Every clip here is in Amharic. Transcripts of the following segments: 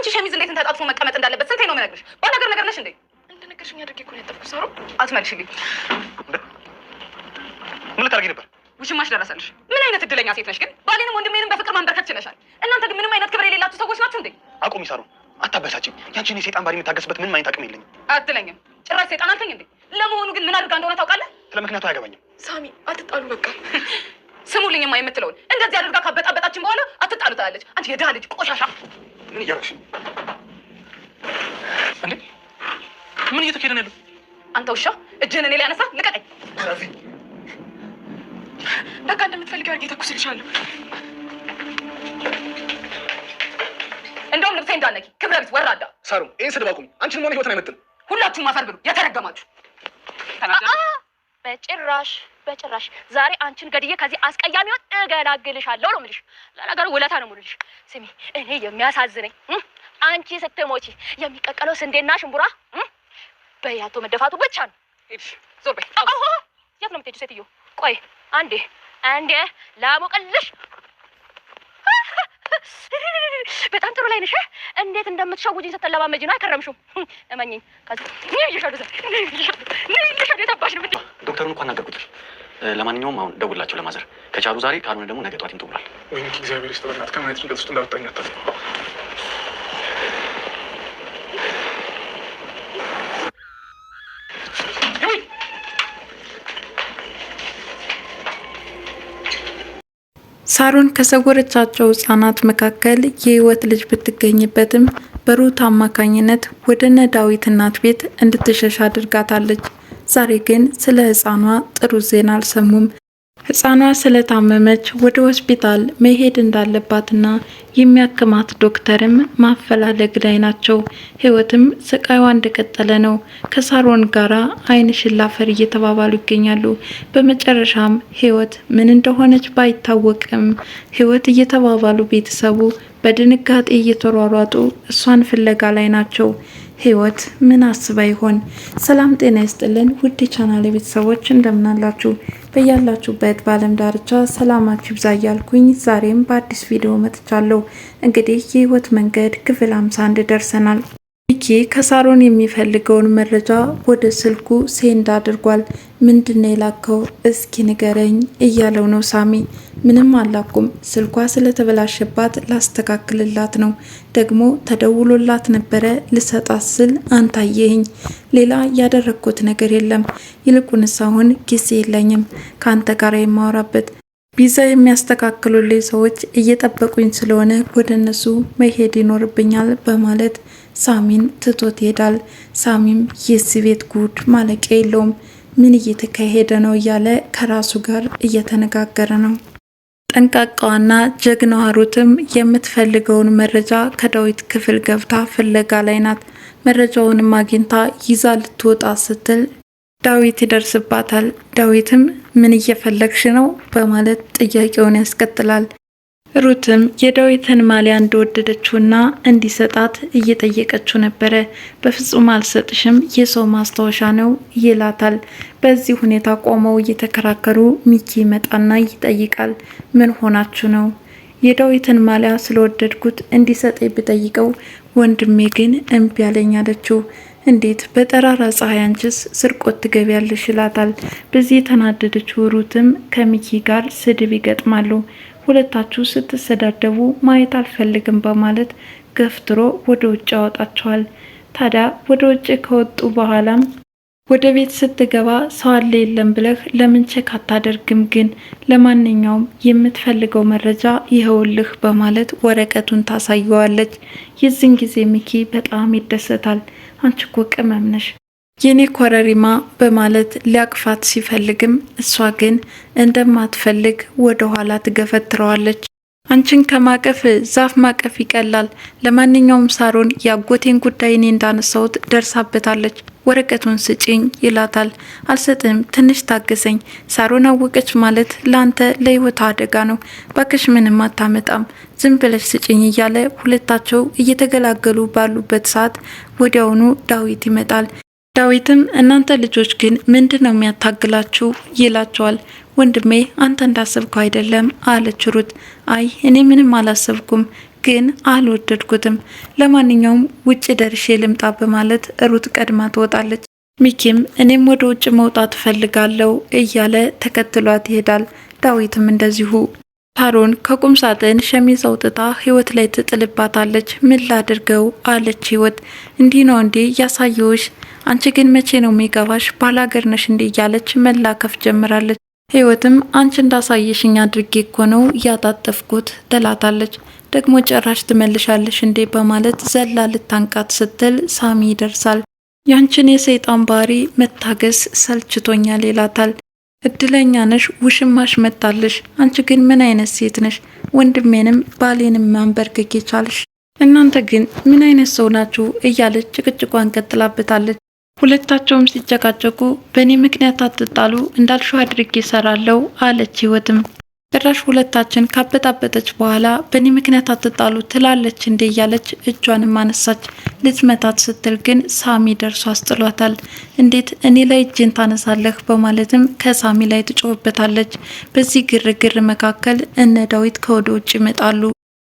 አንቺ ሸሚዝ እንዴት ተጣጥፎ መቀመጥ እንዳለበት ስንቴ ነው የምነግርሽ? በነገር ነገር ነሽ እንዴ? እንደነገርሽኝ አድርጌ እኮ ነው ያጠብኩት። ሳሮ አትመልሽልኝ። ምን ልታደርጊ ነበር? ውሽማሽ ደረሰልሽ። ምን አይነት እድለኛ ሴት ነሽ ግን! ባሌንም ወንድሜንም በፍቅር ማንበርከት ችለሻል። እናንተ ግን ምንም አይነት ክብር የሌላችሁ ሰዎች ናችሁ እንዴ! አቁሚ ሳሮ፣ አታበሳጭኝ። ያንቺን የሴጣን ባሪ የምታገስበት ምንም አይነት አቅም የለኝም። አትለኝም። ጭራሽ ሴጣን አልከኝ እንዴ? ለመሆኑ ግን ምን አድርጋ እንደሆነ ታውቃለህ? ስለ ምክንያቱ አያገባኝም። ሳሚ፣ አትጣሉ በቃ ስሙልኝማ የምትለውን እንደዚህ አድርጋ ካበጣበጣችን በኋላ አትጣሉ ትላለች። አንቺ የድሃ ልጅ ቆሻሻ ምን እያደረግሽ እንዴ? ምን እየተካሄደ ነው ያለው? አንተ ውሻ እጅህን እኔ ላይ አነሳ፣ ልቀቀኝ። በቃ እንደምትፈልገው አድርጌ ተኩስልሻለሁ። እንደውም ልብሴ እንዳነቂ ክብረ ቢስ ወራዳ። ሳሩ ይህን ስድብ አቁሚ። አንቺን መሆን ህይወትን አይመጥን። ሁላችሁም አፈር ብሉ፣ የተረገማችሁ በጭራሽ በጭራሽ ዛሬ አንቺን ገድዬ ከዚህ አስቀያሚውን እገላግልሻለሁ ነው የምልሽ። ለነገሩ ውለታ ነው የምልሽ። ስሚ፣ እኔ የሚያሳዝነኝ አንቺ ስትሞቺ የሚቀቀለው ስንዴና ሽንቡራ በያቶ መደፋቱ ብቻ ነው። ዞር በይ። የት ነው የምትሄጂው ሴትዮ? ቆይ አንዴ አንዴ ላሞቀልሽ በጣም ጥሩ ላይ ነሽ። እንዴት እንደምትሸውጂኝ ስትለማመጂ ነው አይከረምሽም። እመኝኝ የታባሽ ነው። ዶክተሩን እንኳን ነገርኩት። ለማንኛውም አሁን ደውላቸው ለማዘር ከቻሉ ዛሬ፣ ካልሆነ ደግሞ ነገ ጠዋት ይምጡ ብሏል። እግዚአብሔር ይስጥ። በእናትህ ከምን አይነት ጭንቀት ውስጥ እንዳወጣኝ ሳሩን ከሰወረቻቸው ህጻናት መካከል የህይወት ልጅ ብትገኝበትም በሩት አማካኝነት ወደ እነ ዳዊት እናት ቤት እንድትሸሽ አድርጋታለች። ዛሬ ግን ስለ ህፃኗ ጥሩ ዜና አልሰሙም። ህፃኗ ስለታመመች ወደ ሆስፒታል መሄድ እንዳለባትና የሚያክማት ዶክተርም ማፈላለግ ላይ ናቸው። ህይወትም ስቃይዋ እንደቀጠለ ነው። ከሳሮን ጋራ አይን ሽላፈር እየተባባሉ ይገኛሉ። በመጨረሻም ህይወት ምን እንደሆነች ባይታወቅም ህይወት እየተባባሉ ቤተሰቡ በድንጋጤ እየተሯሯጡ እሷን ፍለጋ ላይ ናቸው። ህይወት ምን አስባ ይሆን? ሰላም ጤና ይስጥልን ውድ የቻናሌ ቤተሰቦች እንደምናላችሁ በያላችሁበት በዓለም ዳርቻ ሰላማችሁ ይብዛ እያልኩኝ ዛሬም በአዲስ ቪዲዮ መጥቻለሁ። እንግዲህ የህይወት መንገድ ክፍል 51 ደርሰናል። ሚኪ ከሳሮን የሚፈልገውን መረጃ ወደ ስልኩ ሴንድ አድርጓል። ምንድነው የላከው እስኪ ንገረኝ እያለው ነው ሳሚ። ምንም አላኩም፣ ስልኳ ስለተበላሸባት ላስተካክልላት ነው። ደግሞ ተደውሎላት ነበረ ልሰጣት ስል አንታየህኝ። ሌላ ያደረግኩት ነገር የለም። ይልቁንስ አሁን ጊዜ የለኝም ከአንተ ጋር የማወራበት ቪዛ የሚያስተካክሉልኝ ሰዎች እየጠበቁኝ ስለሆነ ወደ እነሱ መሄድ ይኖርብኛል በማለት ሳሚን ትቶት ይሄዳል። ሳሚም የዚህ ቤት ጉድ ማለቂያ የለውም፣ ምን እየተካሄደ ነው እያለ ከራሱ ጋር እየተነጋገረ ነው። ጠንቃቃዋና ጀግናዋ ሩትም የምትፈልገውን መረጃ ከዳዊት ክፍል ገብታ ፍለጋ ላይ ናት። መረጃውንም አግኝታ ይዛ ልትወጣ ስትል ዳዊት ይደርስባታል። ዳዊትም ምን እየፈለግሽ ነው በማለት ጥያቄውን ያስቀጥላል። ሩትም የዳዊትን ማሊያ እንደወደደችውና እንዲሰጣት እየጠየቀችው ነበረ። በፍጹም አልሰጥሽም፣ የሰው ማስታወሻ ነው ይላታል። በዚህ ሁኔታ ቆመው እየተከራከሩ ሚኪ ይመጣና ይጠይቃል። ምን ሆናችሁ ነው? የዳዊትን ማሊያ ስለወደድኩት እንዲሰጠኝ ብጠይቀው ወንድሜ ግን እምቢ አለኝ አለችው። እንዴት በጠራራ ፀሐይ አንችስ ስርቆት ትገቢያለሽ? ይላታል። በዚህ የተናደደችው ሩትም ከሚኪ ጋር ስድብ ይገጥማሉ። ሁለታችሁ ስትሰዳደቡ ማየት አልፈልግም በማለት ገፍትሮ ወደ ውጭ ያወጣቸዋል። ታዲያ ወደ ውጭ ከወጡ በኋላም ወደ ቤት ስትገባ ሰው አለ የለም ብለህ ለምን ቼክ አታደርግም? ግን ለማንኛውም የምትፈልገው መረጃ ይኸውልህ በማለት ወረቀቱን ታሳየዋለች። የዚህን ጊዜ ሚኪ በጣም ይደሰታል። አንቺ እኮ ቅመም ነሽ የኔ ኮረሪማ በማለት ሊያቅፋት ሲፈልግም እሷ ግን እንደማትፈልግ ወደ ኋላ ትገፈትረዋለች። አንቺን ከማቀፍ ዛፍ ማቀፍ ይቀላል። ለማንኛውም ሳሮን የአጎቴን ጉዳይ እኔ እንዳነሳሁት ደርሳበታለች። ወረቀቱን ስጪኝ ይላታል። አልሰጥም፣ ትንሽ ታገሰኝ። ሳሮን አወቀች ማለት ለአንተ ለህይወት አደጋ ነው። ባክሽ ምንም አታመጣም፣ ዝም ብለሽ ስጪኝ እያለ ሁለታቸው እየተገላገሉ ባሉበት ሰዓት ወዲያውኑ ዳዊት ይመጣል። ዳዊትም እናንተ ልጆች ግን ምንድን ነው የሚያታግላችሁ? ይላቸዋል። ወንድሜ አንተ እንዳሰብከው አይደለም አለች ሩት። አይ እኔ ምንም አላሰብኩም፣ ግን አልወደድኩትም። ለማንኛውም ውጭ ደርሼ ልምጣ በማለት ሩት ቀድማ ትወጣለች። ሚኪም እኔም ወደ ውጭ መውጣት እፈልጋለሁ እያለ ተከትሏት ይሄዳል። ዳዊትም እንደዚሁ ሳሮን ከቁም ሳጥን ሸሚዝ አውጥታ ህይወት ላይ ትጥልባታለች። ምን ላድርገው አለች ህይወት። እንዲህ ነው እንዴ እያሳየሁሽ፣ አንቺ ግን መቼ ነው የሚገባሽ? ባላገር ነሽ እንዴ እያለች መላከፍ ጀምራለች። ህይወትም አንቺ እንዳሳየሽኝ አድርጌ እኮ ነው እያጣጠፍኩት ትላታለች። ደግሞ ጭራሽ ትመልሻለሽ እንዴ በማለት ዘላ ልታንቃት ስትል ሳሚ ይደርሳል። ያንቺን የሰይጣን ባህሪ መታገስ ሰልችቶኛል ይላታል። እድለኛ ነሽ፣ ውሽማሽ መጣልሽ። አንቺ ግን ምን አይነት ሴት ነሽ? ወንድሜንም ባሌንም ማንበርከክ የቻልሽ እናንተ ግን ምን አይነት ሰው ናችሁ? እያለች ጭቅጭቋን ቀጥላበታለች። ሁለታቸውም ሲጨቃጨቁ በእኔ ምክንያት አትጣሉ፣ እንዳልሹ አድርጌ እሰራለሁ አለች ህይወትም ጭራሽ ሁለታችን ካበጣበጠች በኋላ በእኔ ምክንያት አትጣሉ ትላለች እንዴ እያለች እጇንም አነሳች። ልትመታት ስትል ግን ሳሚ ደርሶ አስጥሏታል። እንዴት እኔ ላይ እጅን ታነሳለህ በማለትም ከሳሚ ላይ ትጮህበታለች። በዚህ ግርግር መካከል እነ ዳዊት ከወደ ውጭ ይመጣሉ።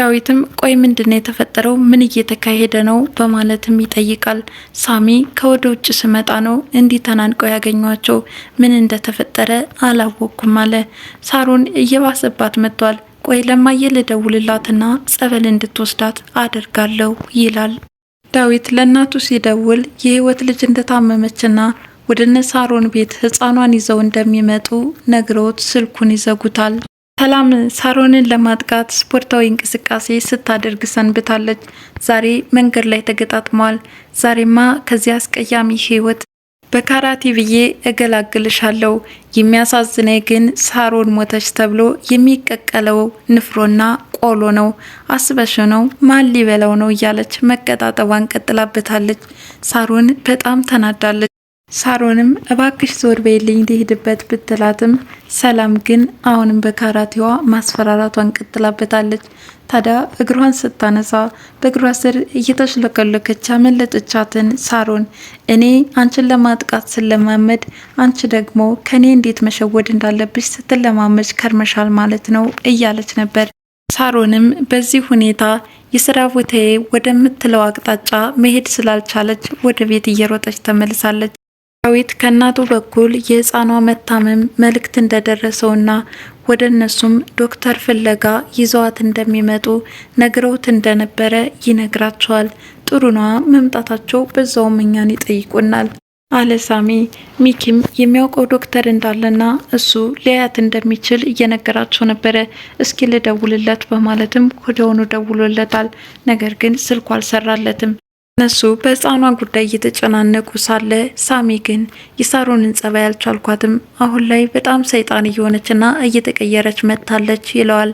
ዳዊትም ቆይ ምንድን ነው የተፈጠረው? ምን እየተካሄደ ነው? በማለትም ይጠይቃል። ሳሚ ከወደ ውጭ ስመጣ ነው እንዲህ ተናንቀው ያገኟቸው፣ ምን እንደተፈጠረ አላወቅኩም አለ። ሳሩን እየባሰባት መጥቷል። ቆይ ለማየ ልደውልላትና ጸበል እንድትወስዳት አደርጋለሁ ይላል። ዳዊት ለእናቱ ሲደውል የህይወት ልጅ እንደታመመችና ወደ ሳሮን ቤት ህፃኗን ይዘው እንደሚመጡ ነግረውት ስልኩን ይዘጉታል። ሰላም ሳሮንን ለማጥቃት ስፖርታዊ እንቅስቃሴ ስታደርግ ሰንብታለች። ዛሬ መንገድ ላይ ተገጣጥመዋል። ዛሬማ ከዚያ አስቀያሚ ሕይወት በካራቴ ብዬ እገላግልሻለሁ። የሚያሳዝነኝ ግን ሳሮን ሞተች ተብሎ የሚቀቀለው ንፍሮና ቆሎ ነው። አስበሽ ነው ማን ሊበላው ነው እያለች መቀጣጠቧን ቀጥላበታለች። ሳሮን በጣም ተናዳለች። ሳሮንም እባክሽ ዞር በይልኝ ልሄድበት ብትላትም ሰላም ግን አሁንም በካራቴዋ ማስፈራራቷን ቀጥላበታለች። ታዲያ እግሯን ስታነሳ በእግሯ ስር እየተሽለከለከች ያመለጠቻትን ሳሮን እኔ አንቺን ለማጥቃት ስለማመድ አንቺ ደግሞ ከእኔ እንዴት መሸወድ እንዳለብሽ ስትለማመች ከርመሻል ማለት ነው እያለች ነበር። ሳሮንም በዚህ ሁኔታ የስራ ቦታዬ ወደምትለው አቅጣጫ መሄድ ስላልቻለች ወደ ቤት እየሮጠች ተመልሳለች። ዳዊት ከእናቱ በኩል የህፃኗ መታመም መልእክት እንደደረሰውና ወደ እነሱም ዶክተር ፍለጋ ይዘዋት እንደሚመጡ ነግረውት እንደነበረ ይነግራቸዋል። ጥሩኗ መምጣታቸው በዛውም እኛን ይጠይቁናል አለ ሳሚ። ሚኪም የሚያውቀው ዶክተር እንዳለና እሱ ሊያያት እንደሚችል እየነገራቸው ነበረ። እስኪ ልደውልለት በማለትም ወደውኑ ደውሎለታል። ነገር ግን ስልኩ አልሰራለትም። እነሱ በህፃኗ ጉዳይ እየተጨናነቁ ሳለ ሳሚ ግን የሳሮንን ጸባይ አልቻልኳትም፣ አሁን ላይ በጣም ሰይጣን እየሆነችና እየተቀየረች መጥታለች ይለዋል።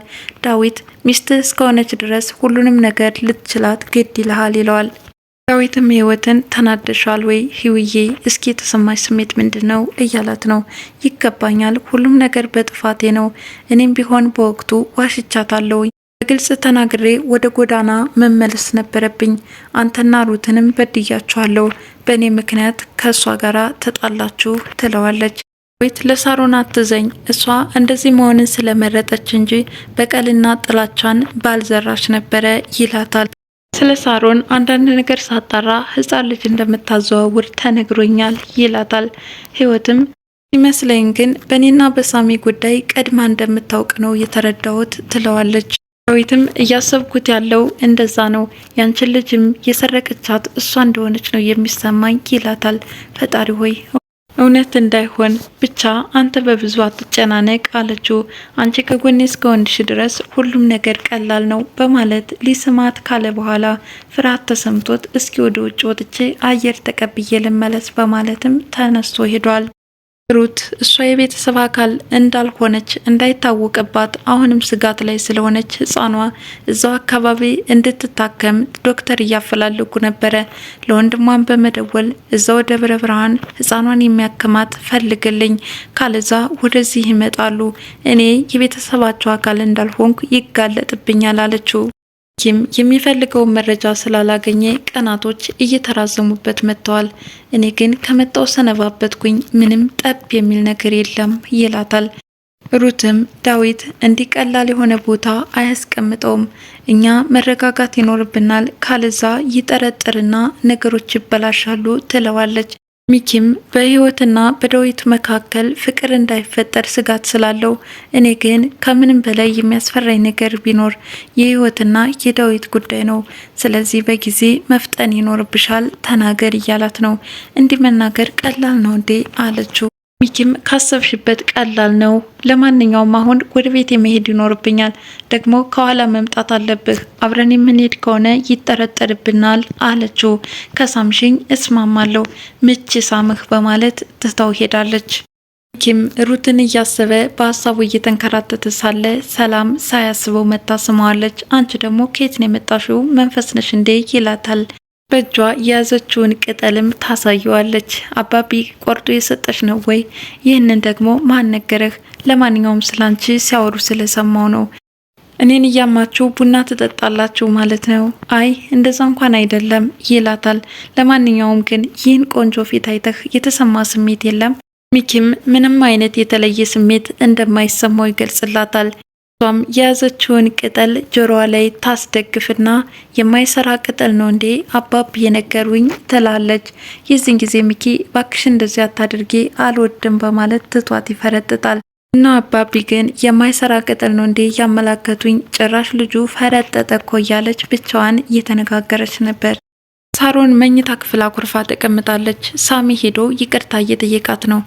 ዳዊት ሚስትህ እስከሆነች ድረስ ሁሉንም ነገር ልትችላት ግድ ይልሃል ይለዋል። ዳዊትም ህይወትን ተናደሻል ወይ ህውዬ? እስኪ የተሰማሽ ስሜት ምንድን ነው እያላት ነው። ይገባኛል፣ ሁሉም ነገር በጥፋቴ ነው። እኔም ቢሆን በወቅቱ ዋሽቻታለሁኝ በግልጽ ተናግሬ ወደ ጎዳና መመለስ ነበረብኝ። አንተና ሩትንም በድያችኋለሁ፣ በእኔ ምክንያት ከእሷ ጋር ተጣላችሁ ትለዋለች። ቤት ለሳሮን አትዘኝ፣ እሷ እንደዚህ መሆንን ስለመረጠች እንጂ በቀልና ጥላቻን ባልዘራች ነበረ ይላታል። ስለ ሳሮን አንዳንድ ነገር ሳጣራ ህፃን ልጅ እንደምታዘዋውር ተነግሮኛል ይላታል። ህይወትም ይመስለኝ ግን በእኔና በሳሚ ጉዳይ ቀድማ እንደምታውቅ ነው የተረዳሁት ትለዋለች። ዳዊትም እያሰብኩት ያለው እንደዛ ነው። ያንችን ልጅም የሰረቀቻት እሷ እንደሆነች ነው የሚሰማኝ ይላታል። ፈጣሪ ሆይ እውነት እንዳይሆን ብቻ አንተ በብዙ አትጨናነቅ አለችው። አንቺ ከጎኔ እስከ ወንድሽ ድረስ ሁሉም ነገር ቀላል ነው በማለት ሊስማት ካለ በኋላ ፍርሃት ተሰምቶት እስኪ ወደ ውጭ ወጥቼ አየር ተቀብዬ ልመለስ በማለትም ተነስቶ ሄዷል። ሩት እሷ የቤተሰብ አካል እንዳልሆነች እንዳይታወቅባት አሁንም ስጋት ላይ ስለሆነች ህፃኗ እዛው አካባቢ እንድትታከም ዶክተር እያፈላለጉ ነበረ። ለወንድሟን በመደወል እዛው ደብረ ብርሃን ህፃኗን የሚያክማት ፈልግልኝ፣ ካለዛ ወደዚህ ይመጣሉ፣ እኔ የቤተሰባቸው አካል እንዳልሆንኩ ይጋለጥብኛል አለችው። ኪም የሚፈልገውን መረጃ ስላላገኘ ቀናቶች እየተራዘሙበት መጥተዋል። እኔ ግን ከመጣው ሰነባበትኩኝ፣ ምንም ጠብ የሚል ነገር የለም ይላታል። ሩትም ዳዊት እንዲህ ቀላል የሆነ ቦታ አያስቀምጠውም፣ እኛ መረጋጋት ይኖርብናል፣ ካለዛ ይጠረጥርና ነገሮች ይበላሻሉ ትለዋለች። ሚኪም በህይወትና በዳዊት መካከል ፍቅር እንዳይፈጠር ስጋት ስላለው፣ እኔ ግን ከምንም በላይ የሚያስፈራኝ ነገር ቢኖር የህይወትና የዳዊት ጉዳይ ነው። ስለዚህ በጊዜ መፍጠን ይኖርብሻል፣ ተናገር እያላት ነው። እንዲህ መናገር ቀላል ነው እንዴ አለችው። ሚኪም ካሰብሽበት ቀላል ነው። ለማንኛውም አሁን ወደ ቤት የመሄድ ይኖርብኛል። ደግሞ ከኋላ መምጣት አለብህ። አብረን የምንሄድ ከሆነ ይጠረጠርብናል አለችው። ከሳምሽኝ እስማማለሁ፣ ምች ሳምህ በማለት ትታው ሄዳለች። ሚኪም ሩትን እያሰበ በሀሳቡ እየተንከራተተ ሳለ ሰላም ሳያስበው መታ ስመዋለች። አንቺ ደግሞ ከየት ነው የመጣሽው? መንፈስ ነሽ እንዴ ይላታል። በእጇ የያዘችውን ቅጠልም ታሳየዋለች። አባቢ ቆርጦ የሰጠች ነው ወይ? ይህንን ደግሞ ማን ነገረህ? ለማንኛውም ስላንቺ ሲያወሩ ስለሰማው ነው። እኔን እያማችሁ ቡና ትጠጣላችሁ ማለት ነው? አይ እንደዛ እንኳን አይደለም ይላታል። ለማንኛውም ግን ይህን ቆንጆ ፊት አይተህ የተሰማ ስሜት የለም? ሚኪም ምንም አይነት የተለየ ስሜት እንደማይሰማው ይገልጽላታል። እሷም የያዘችውን ቅጠል ጆሮዋ ላይ ታስደግፍና የማይሰራ ቅጠል ነው እንዴ አባብ የነገሩኝ ትላለች። የዚህን ጊዜ ሚኪ ባክሽ እንደዚህ አታድርጊ አልወድም በማለት ትቷት ይፈረጥጣል። እና አባቢ ግን የማይሰራ ቅጠል ነው እንዴ ያመላከቱኝ ጭራሽ ልጁ ፈረጠጠ እኮ እያለች ብቻዋን እየተነጋገረች ነበር። ሳሮን መኝታ ክፍል አኩርፋ ተቀምጣለች። ሳሚ ሄዶ ይቅርታ እየጠየቃት ነው።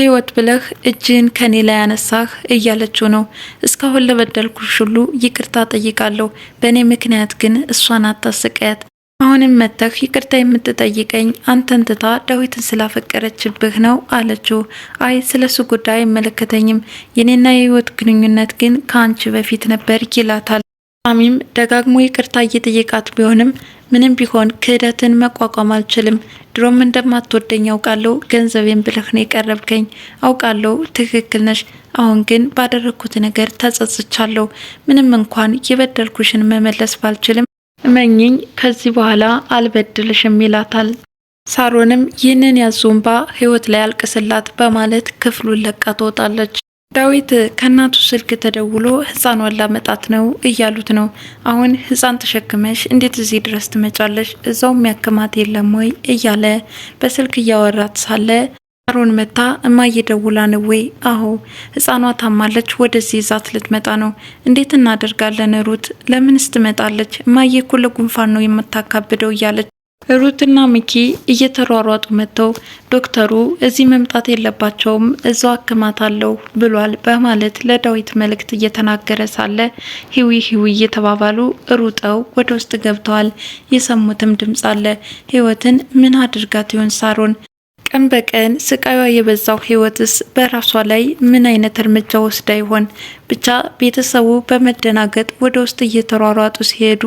ህይወት ብለህ እጅን ከኔ ላይ ያነሳህ እያለችው ነው። እስካሁን ለበደልኩሽ ሁሉ ይቅርታ ጠይቃለሁ። በእኔ ምክንያት ግን እሷን አታስቀያት። አሁንም መጥተህ ይቅርታ የምትጠይቀኝ አንተን ትታ ዳዊትን ስላፈቀረችብህ ነው አለችው። አይ ስለሱ ጉዳይ አይመለከተኝም፣ የኔና የህይወት ግንኙነት ግን ከአንቺ በፊት ነበር ይላታል። ሳሚም ደጋግሞ ይቅርታ እየጠየቃት ቢሆንም ምንም ቢሆን ክህደትን መቋቋም አልችልም። ድሮም እንደማትወደኝ አውቃለሁ። ገንዘቤን ብለህ ነው የቀረብከኝ አውቃለሁ። ትክክል ነሽ። አሁን ግን ባደረግኩት ነገር ተጸጽቻለሁ። ምንም እንኳን የበደልኩሽን መመለስ ባልችልም እመኝኝ፣ ከዚህ በኋላ አልበድልሽም ይላታል። ሳሮንም ይህንን ያዙንባ ህይወት ላይ አልቅስላት በማለት ክፍሉን ለቃ ትወጣለች። ዳዊት ከእናቱ ስልክ ተደውሎ ህፃኗን ላመጣት ነው እያሉት ነው። አሁን ህፃን ተሸክመሽ እንዴት እዚህ ድረስ ትመጫለሽ? እዛው የሚያክማት የለም ወይ እያለ በስልክ እያወራት ሳለ አሮን መታ እማዬ ደውላ ነው ወይ? አሁ ህፃኗ ታማለች፣ ወደዚህ ይዛት ልትመጣ ነው። እንዴት እናደርጋለን ሩት? ለምንስ ትመጣለች? እማዬ እኮ ለጉንፋን ነው የምታካብደው እያለች ሩትና ሚኪ እየተሯሯጡ መጥተው ዶክተሩ እዚህ መምጣት የለባቸውም እዛው አክማታለሁ ብሏል በማለት ለዳዊት መልእክት እየተናገረ ሳለ ሂዊ ሂዊ እየተባባሉ ሩጠው ወደ ውስጥ ገብተዋል። የሰሙትም ድምፅ አለ። ህይወትን ምን አድርጋት ይሆን ሳሮን? ቀን በቀን ስቃዩ የበዛው ህይወትስ በራሷ ላይ ምን አይነት እርምጃ ወስዳ ይሆን? ብቻ ቤተሰቡ በመደናገጥ ወደ ውስጥ እየተሯሯጡ ሲሄዱ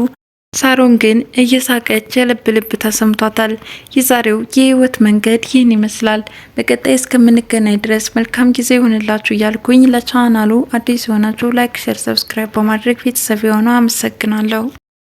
ሳሮን ግን እየሳቀች የልብ ልብ ተሰምቷታል። የዛሬው የህይወት መንገድ ይህን ይመስላል። በቀጣይ እስከምንገናኝ ድረስ መልካም ጊዜ ይሆንላችሁ እያልኩኝ ለቻናሉ አዲስ የሆናችሁ ላይክ፣ ሸር፣ ሰብስክራይብ በማድረግ ቤተሰብ የሆነው አመሰግናለሁ።